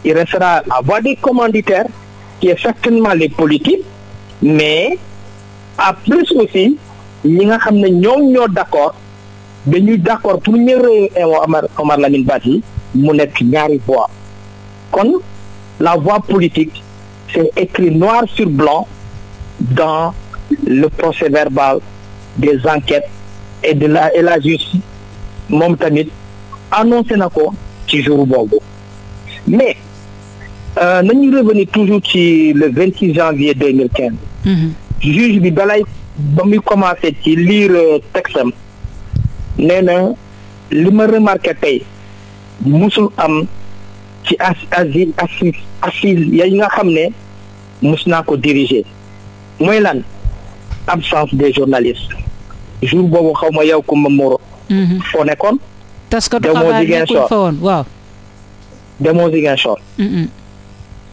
il restera la voie des commanditaires qui est certainement les politiques mais à plus aussi ñi nga xam ne ñoom ñoo d'accord dañuy d'accord pour ñu réer Omar Omar Lamine Badji mu nekk ñaari voix kon la voie politique c'est écrit noir sur blanc dans le procès verbal des enquêtes et de la et justice moom tamit annoncé na ko ci jour boobu mais euh, nañu revenir toujours ci le 26 janvier 2015. Mm -hmm. juge bi ba muy commencé ci lire euh, textam nee na li ma remarqué tey musul am ci as asile asile asile yi nga xam ne mus naa ko diriger mooy lan absence des journalistes jour boobu xaw ma yow Kumba Moro mhm. foo nekkoon demoo Ziguinchor Ziguinchor mhm.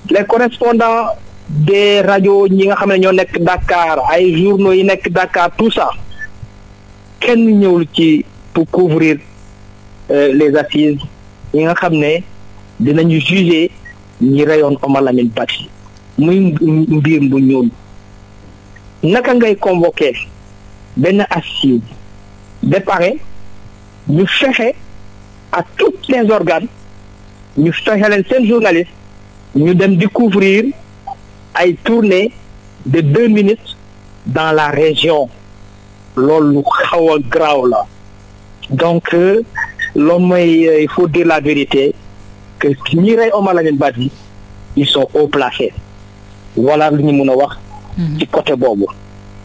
les correspondants des rajo ñi nga xam ne ñoo nekk Dakar ay journaux yi nekk Dakar tout ça kenn ñëwul ci pour couvrir euh, les assises yi nga xam ne dinañu juger ñi reyoon Omar Lamine Bati muy mbir bu ñuul naka ngay convoquer benn assise ba pare ñu fexe à toutes les organes ñu fexe leen seen journaliste ñu dem di couvrir ay tournée de deux minutes dans la région loolu xaw a la donc euh, loolu euh, mooy il faut dire la vérité que ñi rey Omar Lamine Badji ils sont haut placés voilà lu ñu mën a wax. Mhm. ci côté boobu.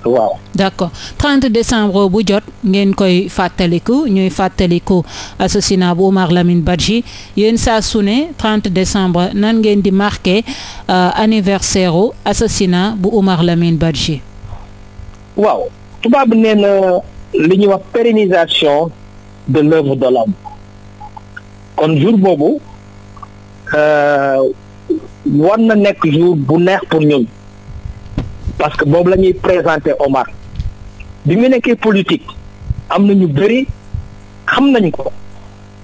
waaw d'accord 30 décembre bu jot ngeen koy fàttaliku ñuy fàttaliku assassinat bu Omar Lamine Badji yéen saa su ne 30 décembre nan ngeen di marqué euh, anniversaire u assassinat bu Omar Lamine Badji. waaw tubaab nee na li wax pérennisation. de l'œuvre de kon jour boobu euh, war na nekk jour bu neex pour ñun parce que boobu la ñuy présenter Omar bi mu nekkee politique am na ñu bëri xam nañ ko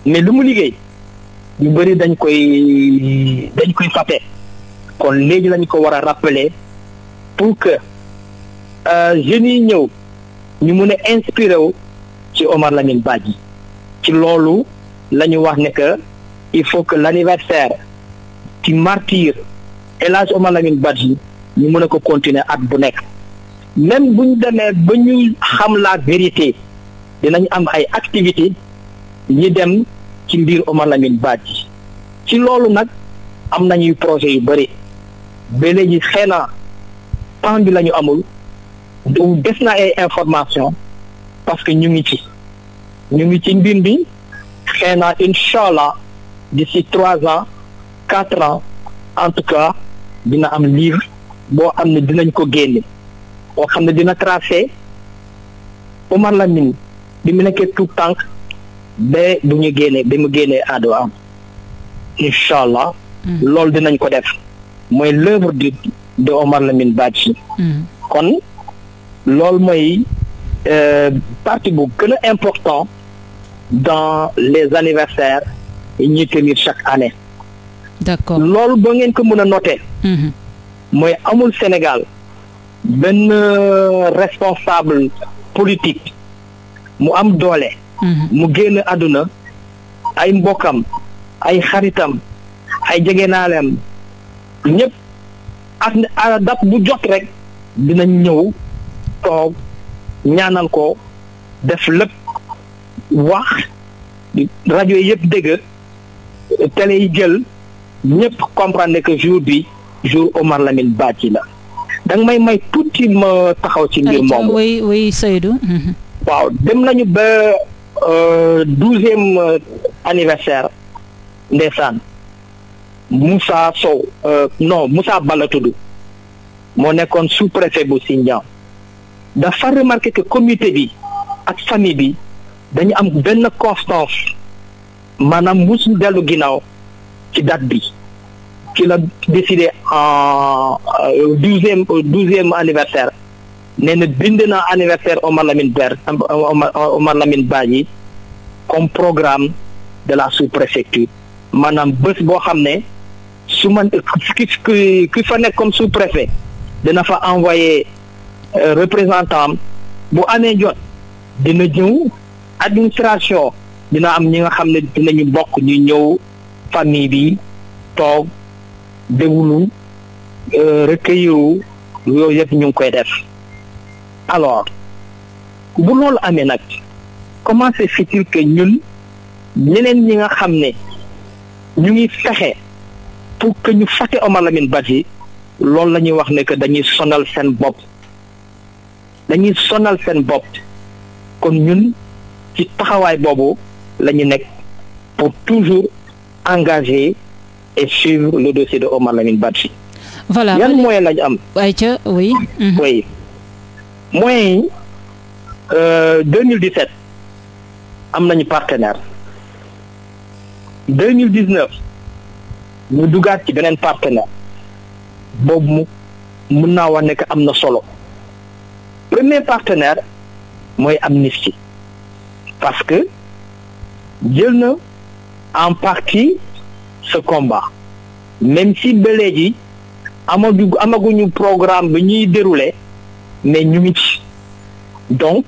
mais lu mu liggéey ñu bëri dañ koy dañ koy fàtte kon léegi lañ ko war a rappeler pour que euh, jeunes yi ñëw ñu mun a inspiré wu ci Omar Lamine yi ci loolu la ñu wax ne que il faut que l'anniversaire ci martyr El Hadj Omar Lamine Badji ñu mën a ko continuer at bu nekk même bu demee ba ñu xam la vérité dinañ am ay activité ñi dem ci mbir Omar Lamine yi ci loolu nag am nañuy projet yu bëri ba léegi xëy na temps bi la ñu amul des na ay information parce que ñu ngi ci ñu ngi ci bi mi xëy na incha allah d'ici trois ans quatre ans en tout cas dina am livre boo xam ne dinañ ko génne boo xam ne dina tracé Omar Lamine bi mu nekkee tout tànk ba bu ñu génnee ba mu génnee aado am incha allah. Mm. loolu dinañ ko def mooy l'œuvre du de Omar Lamine Badji mm. kon loolu mooy euh, partie bu gën a important. dans les anniversaires yi ñuy tenir chaque année. d'accord loolu boo ngeen ko mën a noter. Mhm. mooy amul Sénégal benn euh, responsable politique mu am doole. Mhm. mu génn àdduna ay mbokkam ay xaritam ay jegenaaleem ñëpp ak date bu jot rek dinañ ñëw toog ñaanal ko def lépp. wax rajo yëpp dégg télé yi jël ñëpp comprendre ne que jour bi jour Omar Lamine Badji la danga may may tuuti ma taxaw ci mbir moomu oui oui mhm. waaw dem nañu ba euh, douzième euh, anniversaire ndeysaan Moussa Sow euh, non Moussa Bala tudd moo nekkoon sous-préfet bu Sindian dafa remarqué que comité bi ak famille bi dañu am benn constance maanaam musul dellu ginnaaw ci dat bi ki la décidé en douzième douzième anniversaire nee na bind na anniversaire Omar Lamine Ber Omar Lamine Badji comme programme de la sous-préfecture maanaam bés boo xam ne su ma ki fa nekk comme sous-préfet dina fa envoyé euh, représentant bu amee jot dina ñëw administration dina am ñi nga xam ne dinañu bokk ñu ñëw famille bi toog déglu euh, recueillir yooyu yëpp ñu ngi koy def alors bu lool amee nag comment se fait ñun ñeneen ñi nga xam ne ñu ngi fexe pour que ñu fàtte Omar Lamine Badji loolu la ñuy wax ne que dañuy sonal seen bopp dañuy sonal seen bopp kon ñun ci taxawaay boobu la ñu nekk pour toujours engager et suivre le dossier de Omar Lamine Badji. voilà yan mooy lañu am. waaye ca oui. Mhm. oui moyens yi euh, 2017 am nañu partenaire 2019 ñu dugaat ci beneen partenaire boobu mu mun naa wax ne que am na solo premier partenaire mooy am amnistie. parce que jël na en partie ce combat même si ba léegi amagu amaguñu programme bi ñuy dérouler mais ñu ngi ci donc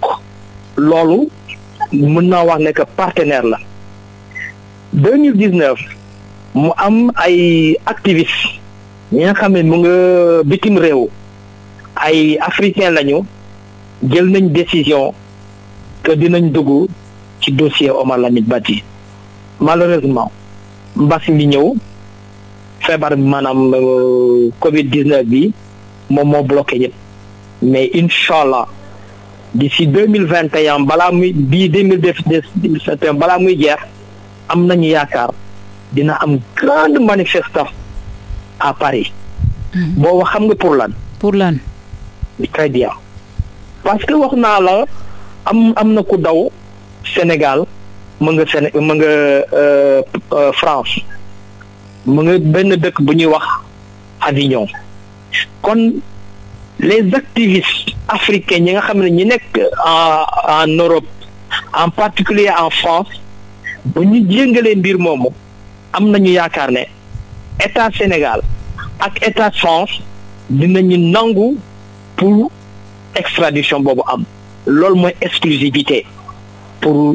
loolu mën naa wax ne que partenaire la 2019 mu am ay activistes ñi nga xam ne mu nga bitim réew ay africains lañu jël nañ décision que dinañ dugg. ci dossier Omar Lamine Bati malheureusement mbas mi ñëw feebar bi maanaam euh, Covid 19 bi moom moo bloqué ñëpp mais incha allah d'ici mille vingt balaa muy bii deux mille balaa muy jeex am nañu yaakaar dina am grande manifestation à Paris. Mm-hmm. boobu xam nga pour lan. pour lan. très bien parce que wax naa la am am na ku daw. Sénégal mu nga Séné mu nga euh, euh, France mu nga benn dëkk bu ñuy wax Avignon kon les activistes africains ñi nga xam ne ñi nekk en en Europe en particulier en France bu ñu jéngalee mbir moomu am nañu yaakaar ne état Sénégal ak état France dinañu nangu pour extradition boobu am loolu mooy exclusivité pour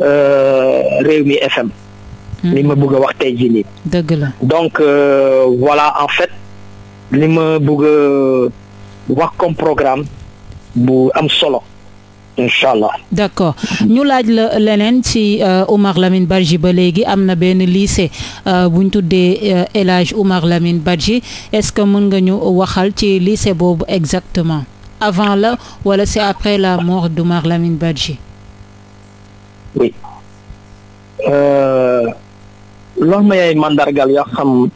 euh, Rewmi FM. li ma bëgg a wax tey jii nii. dëgg la donc euh, voilà en fait li ma bëgg wax comme programme bu am solo. incha allah d' accord ñu laaj la leneen ci euh, Oumar Lamine Badji ba léegi am na benn lycée bu ñu tuddee élage Hadj Oumar Lamine Badji est ce que mën nga ñu waxal ci lycée boobu exactement avant la wala c' est après la mort d' Oumar Lamine Badji. oui euh, loo ma yay mandargal yoo xam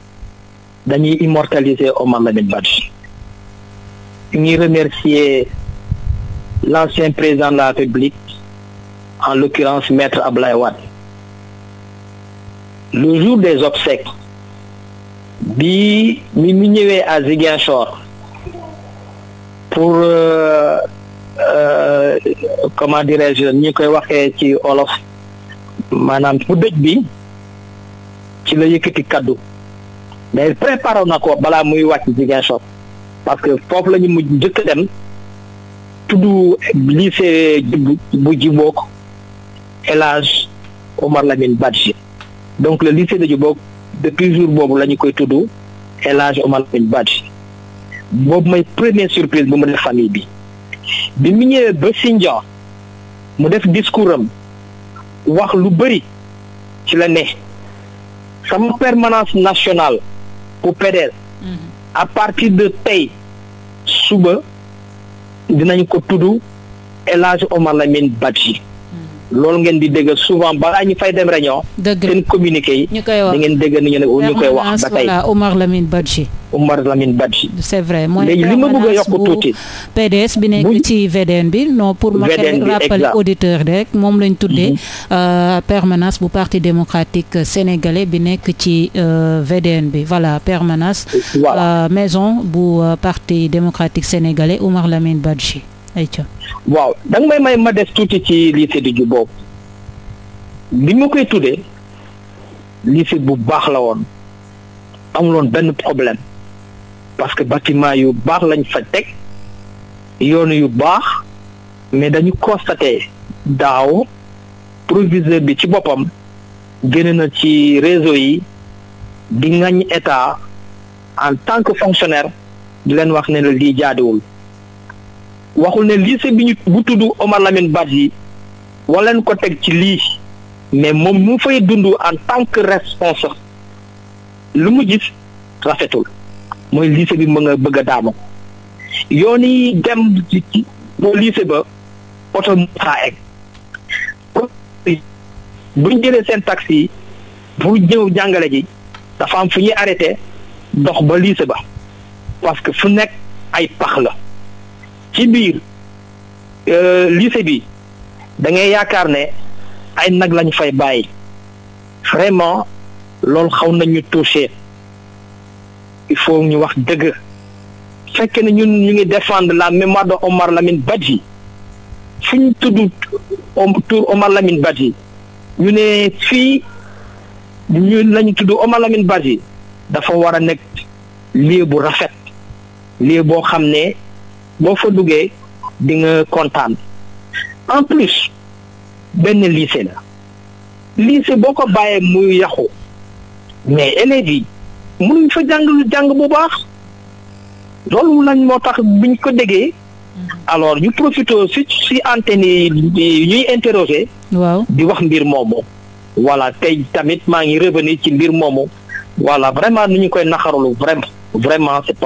dañuy immortaliser Omar Lamine Badji ñuy l'ancien président de la République en l'occurrence maître Ablaye Wade le jour des obsèques bi mi mu ñëwee à Ziguinchor pour euh, comment dirais-je ñi koy waxee ci olof maanaam bu dëj bi ci la yëkkati kàddu mais préparé na ko balaa muy wàcc Ziguinchor parce que foofu la ñu mujj njëkk dem tudd lycée bu Djibock élage Hadj Omar Lamine Badji donc le lycée de Djibock depuis jour boobu la ñu koy tudd El Hadj Omar Lamine Badji boobu mooy première surprise bu mu def famille bi bi mu ñëwee ba Sindia mu def discours am wax lu bëri ci la ne sama permanence nationale pour PDS mm-hmm. à partir de tey suba dinañ ko tudd El Hadj Omar Lamine Badji loolu ngeen di dégg souvent balaa ñu fay dem réunion. dëgg la communiqué yi. ñu koy wax da ngeen dégg ni ñu ñu koy wax. ba tey voilà Omar Lamine Badji. Omar Lamine Badji. c'est vrai mooy léegi li ma yokk tuuti. PDS bi nekk ci VDN bi no pour. VDN bi exactement ma koy rappeler auditeur rek moom lañ tuddee. Mhm. Euh, permanence bu parti démocratique sénégalais bi nekk ci euh, VDN bi voilà permanence. Euh, maison bu parti démocratique sénégalais Omar Lamine Badji ayca. waaw da nga may may ma des tuuti ci lycée du Diouf boobu bi ma koy tuddee lycée bu baax la woon amuloon benn problème parce que bâtiment yu baax lañ fa teg yoon yu baax mais dañu constaté daaw proviseur bi ci boppam génn na ci réseau yi di ngañ état en tant que fonctionnaire di leen wax ne la lii jaaduwul waxul ne lise bi ñu bu tudd Omar Lamine Badji wala leen ko teg ci lii mais moom mu fay dund en tant que responsable lu mu gis rafetul mooy lycée bi mu nga bëgg a daama yoon yi dem ci boo lycée ba oto mu saa egg buñ jëlee seen taxi pour jëw jàngale ji dafa am fu ñuy arrêté dox ba lycée ba parce que fu nekk ay pax la ci biir euh, lycée bi da ngay yaakaar ne ay nag lañu fay bàyyi vraiment loolu xaw nañu touché il faut ñu wax dëgg fekkee ne ñun ñu ngi défendre la mémoire de Omar Lamine Badji fu ñu tudd tur Omar Lamine Badji ñu ne fii ñun lañu tudd Omar Lamine Badji dafa war a nekk lieu bu rafet lieu boo xam ne boo fa duggee di nga kontaan en plus benn lycée la lycée boo ko bàyyee muy yàqu mais élèves yi mënuñ fa jàng lu jàng bu baax loolu lañ moo tax biñ ko déggee alors ñu profité si si antenne yi ñuy interroger. waaw di wax mbir moomu. voilà tey tamit maa ngi revenir ci mbir moomu. voilà vraiment nu ñu koy naxarulu vraiment. vraiment c'est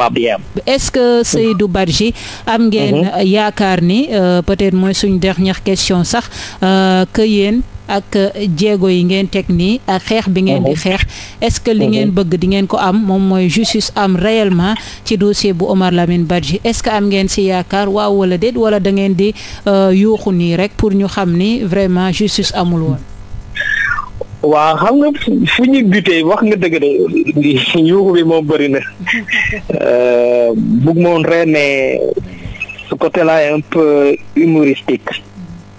est-ce que Seydou Badji am ngeen mhm. yaakaar ni euh, peut-être mooy suñu ñax question sax euh, que yéen ak euh, jéego yi ngeen teg nii ak xeex bi ngeen di mhm. xeex est-ce que li ngeen mhm. bëgg di ngeen ko am moom mooy justice am réellement ci dossier bu Omar Lamine Badji est-ce que am ngeen si yaakaar waaw wala déet wala da ngeen di yuuxu nii rek pour ñu xam ni vraiment justice amul woon. waaw xam nga fu ñu butee wax nga dëgg de yuuxu bi moom bëri na bug euh, moon ree ne ce côté là est un peu humoristique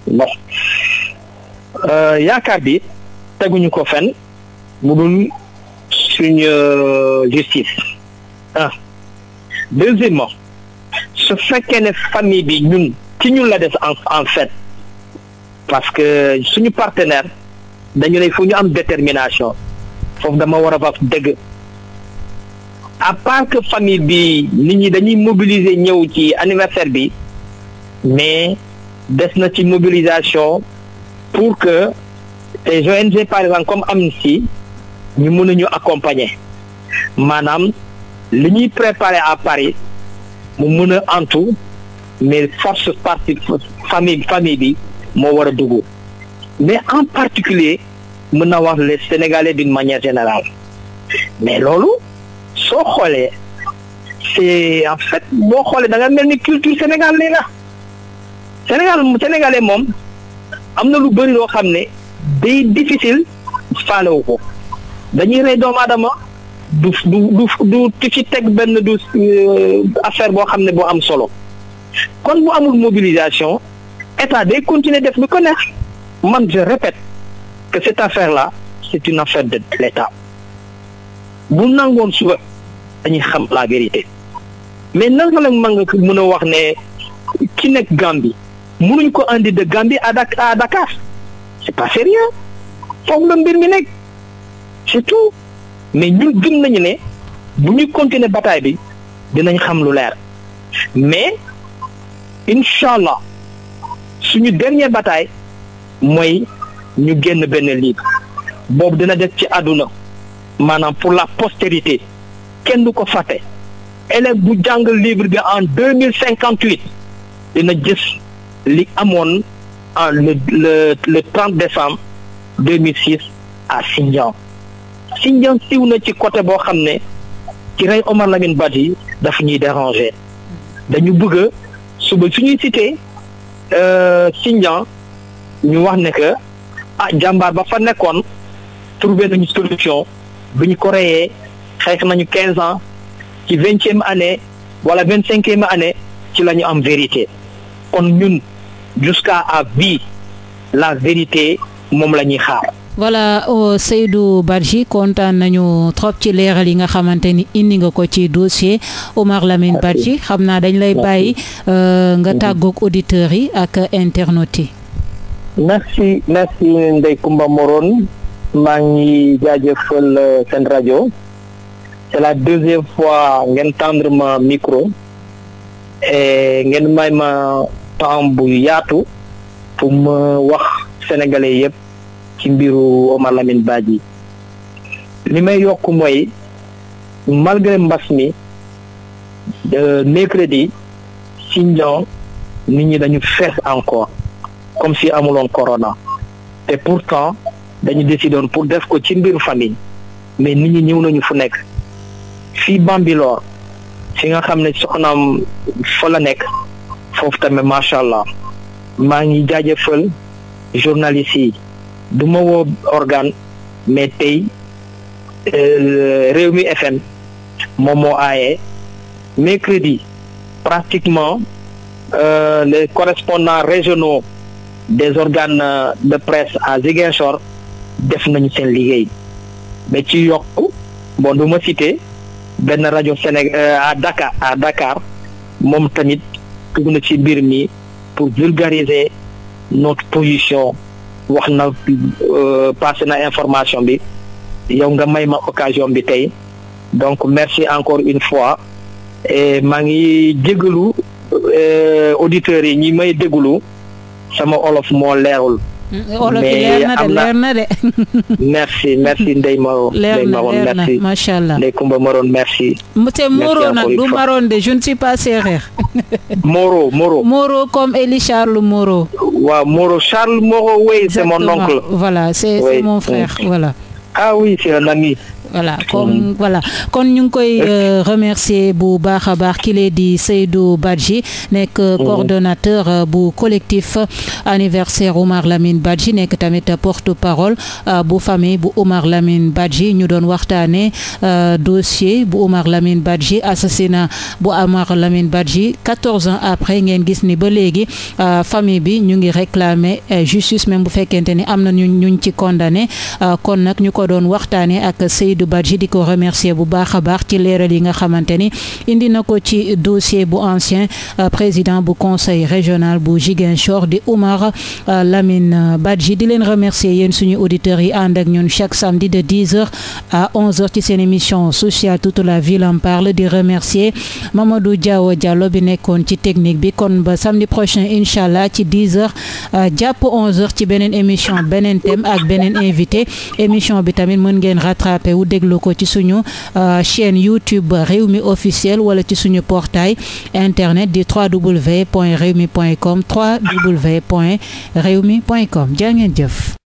ndax euh, yaakaar bi teguñu ko fen mu dul suñu euh, justice ah deuxièmement su fekkee ne famille bi ñun ci ñun la des en en fait parce que suñu partenaire dañu ne fu ñu am détermination foofu dama war a faf dëgg à part que famille bi nit ñi dañuy mobiliser ñëw ci anniversaire bi mais des na ci mobilisation pour que les ONG par exemple comme Amnesty ñu mën nañu ñu accompagner maanaam li ñuy préparer à Paris mu mën a antu mais force parti famille famille bi moo war a dugg mais en particulier mën na wax les sénégalais d'une manière générale mais loolu soo xoolee c'est en fait boo xoolee danga mel ni culture sénégalaise la Sénégal sénégalais moom am na lu bëri loo xam ne day difficile faalewu ko dañuy rey doomu adama du du du du teg benn du euh, affaire boo xam ne boo am solo kon bu amul mobilisation état de continuer def lu ko man je répète que cette affaire-là c'est une affaire de l'État bu nangoon suba dañuy xam la vérité mais nanga la mën nga mën wax ne ki nekk Gambie mënuñ ko indi de Gambie à à Dakar c'est pas sérieux foofu la mbir mi nekk surtout mais ñun gëm nañu ne bu ñu continuer bataille bi dinañ xam lu leer mais incha allah suñu dernière bataille mooy ñu génn benn livre boobu dina des ci àdduna maanaam pour la postérité kenn du ko fàtte élève bu jàng livre bi en deux mille cinquante huit dina gis li amoon en le le le trente décembre deux mille six à Sindian Sindian siw na ci côté boo xam ne ci rey Omar Lamine Badji daf ñuy déranger dañu bëgg suba ñuy cité Sindian euh, ñu wax ne que ah jàmbaar ba fa nekkoon trouvé nañu solution bi ñu ko reyee xeex nañu quinze ans ci vingtième année wala vingt cinquième année ci la ñu am vérité kon ñun jusqu'à à vie la vérité moom la ñuy xaar. wala oh, Seydou Badji kontaan nañu trop ci leeral yi nga xamante ni indi nga ko ci dossier Omar Lamine Badji xam naa dañ lay bàyyi euh, nga tàggoog auditeurs yi ak internautes yi. merci merci Ndeye Comba Moreau maa ngi jaajëfal euh, seen rajo c'est la deuxième fois ngeen tendre ma micro et ngeen may ma temps bu yaatu pour ma wax sénégalais yëpp ci mbiru Omar Lamine yi li may yokk mooy malgré mbas mi euh, mercredi si ñoom nit ñi dañu fees encore. comme si amuloon corona te pourtant dañu décidoon pour def ko ci mbiru famille mais nit ñi ñëw nañu fu nekk fii Bambilor fi nga xam ne soxnaam fa la nekk foofu tamit macha allah maa ngi jaajëfal journaliste yi du ma organ mais tey euh, réew mi FM moom moo aaye mercredi pratiquement euh, les correspondants régionaux. des organes euh, de presse à Ziguinchor def nañu seen liggéey ba ci yokk bon du ma cité benn rajo Sénégal euh, à Dakar à Dakar moom tamit dugg na ci mbir mi pour vulgariser notre position wax na euh, passé na information bi yow nga may ma occasion bi tey donc merci encore une fois et maa ngi jégalu auditeurs yi ñi may déglu sama olof moo leerul. Mm, olof leer na de leer na de. merci Maro. leer na leer na macha allah Ndeye Kumba Maroon merci. monsieur Moro nag du Maroon de je ne suis Moro Moro. Moro comme Élie Charles Moro. waaw Moro Charles Moro oui c'est mon oncle. voilà c'est mon frère voilà. ah oui c'est un ami. voilà comme voilà kon ñu ngi koy euh, remercier bu baax a baax kii di Seydou Badji nekk euh, oh. coordonnateur euh, bu collectif anniversaire Oumar Lamine Badji nekk tamit porte-parole bu famille bu Oumar Lamine Badji ñu doon waxtaane dossier bu Oumar Lamine Badji assassinat bu Oumar Lamine Badji 14 ans après ngeen gis ni ba léegi famille bi ñu ngi réclamer justice même bu fekkente ni am na ñu ñu ci condamné kon nag ñu ko doon waxtaane ak Seydou Amadou di ko remercier bu baax a baax ci leeral yi nga xamante ni indi na ko ci dossier bu ancien euh, président bu conseil régional bu Ziguinchor di Oumar euh, Lamine Badji di leen remercier yéen suñu auditeurs yi ànd ak ñun chaque samedi de 10h à 11h ci seen émission sociale toute la ville en parle di remercier Mamadou Diaw Diallo bi nekkoon ci technique bi kon ba samedi prochain incha allah ci 10h euh, jàpp 11h ci beneen émission beneen thème ak beneen invité boobu déglu ko ci suñu euh, chaîne YouTube Rewmi officiel wala ci suñu portail internet di point com www.rewmi.com point com ngeen jëf